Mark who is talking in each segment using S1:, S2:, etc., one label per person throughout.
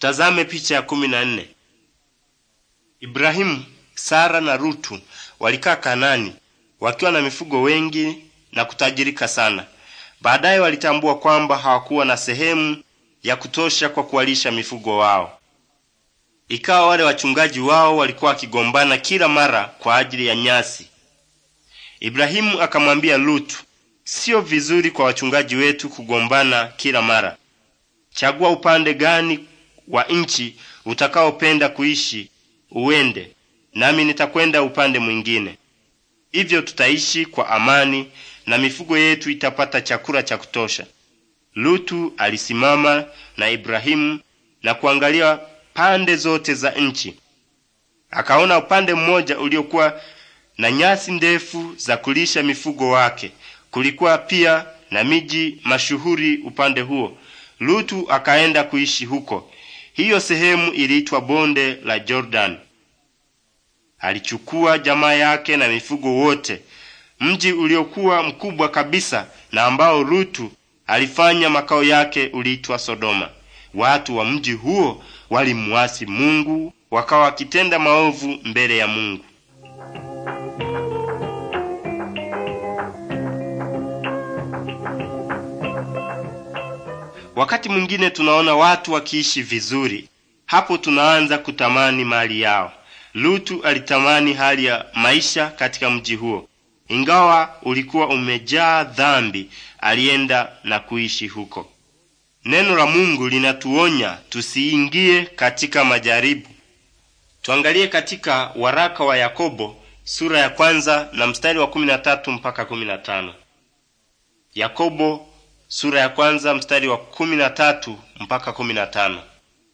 S1: Tutazame picha ya kumi na nne. Ibrahimu, Sara na Rutu walikaa Kanani wakiwa na mifugo wengi na kutajirika sana. Baadaye walitambua kwamba hawakuwa na sehemu ya kutosha kwa kuwalisha mifugo wao. Ikawa wale wachungaji wao walikuwa wakigombana kila mara kwa ajili ya nyasi. Ibrahimu akamwambia Lutu, siyo vizuri kwa wachungaji wetu kugombana kila mara. Chagua upande gani wa nchi utakaopenda kuishi uende, nami nitakwenda upande mwingine. Hivyo tutaishi kwa amani na mifugo yetu itapata chakula cha kutosha. Lutu alisimama na Ibrahimu na kuangalia pande zote za nchi. Akaona upande mmoja uliokuwa na nyasi ndefu za kulisha mifugo wake. Kulikuwa pia na miji mashuhuri upande huo. Lutu akaenda kuishi huko. Hiyo sehemu iliitwa bonde la Jordani. Alichukua jamaa yake na mifugo wote, mji uliokuwa mkubwa kabisa na ambao Lutu alifanya makao yake uliitwa Sodoma. Watu wa mji huo walimwasi Mungu, wakawa wakitenda maovu mbele ya Mungu. Wakati mwingine tunaona watu wakiishi vizuri, hapo tunaanza kutamani mali yao. Lutu alitamani hali ya maisha katika mji huo, ingawa ulikuwa umejaa dhambi, alienda na kuishi huko. Neno la Mungu linatuonya tusiingie katika majaribu. Tuangalie katika waraka wa Yakobo sura ya kwanza na mstari wa 13 mpaka 15. Yakobo sura ya kwanza mstari wa kumi na tatu mpaka kumi na tano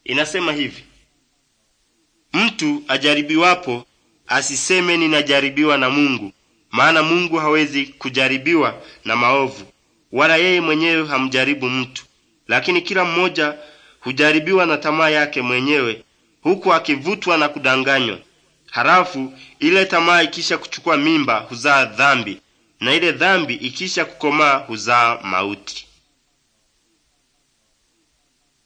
S1: inasema hivi: mtu ajaribiwapo asiseme ninajaribiwa na Mungu, maana Mungu hawezi kujaribiwa na maovu, wala yeye mwenyewe hamjaribu mtu. Lakini kila mmoja hujaribiwa na tamaa yake mwenyewe, huku akivutwa na kudanganywa. Halafu ile tamaa ikisha kuchukua mimba huzaa dhambi, na ile dhambi ikisha kukomaa huzaa mauti.